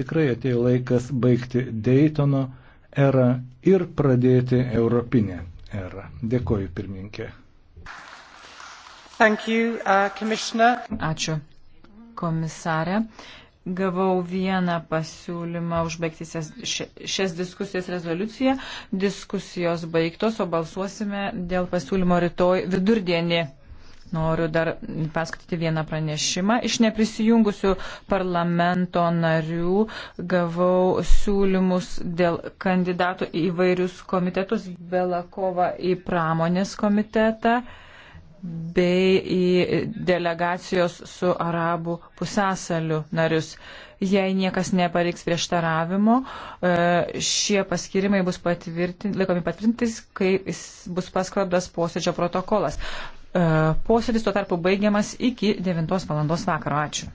tikrai atėjo laikas baigti Daytono erą ir pradėti europinę erą. Dėkoju, pirmininkė. Thank you, uh, Ačiū, komisarė. Gavau vieną pasiūlymą užbaigti šias diskusijas rezoliuciją. Diskusijos baigtos, o balsuosime dėl pasiūlymo rytoj vidurdienį. Noriu dar paskaityti vieną pranešimą. Iš neprisijungusių parlamento narių gavau siūlymus dėl kandidatų į vairius komitetus, Belakova į pramonės komitetą bei į delegacijos su arabų pusęsaliu narius. Jei niekas nepareiks prieštaravimo, e, šie paskirimai bus patvirtinti, laikomi patvirtintis, kai bus paskelbtas posėdžio protokolas posėdis tuo tarpu baigiamas iki 9 val. vakaro. Ačiū.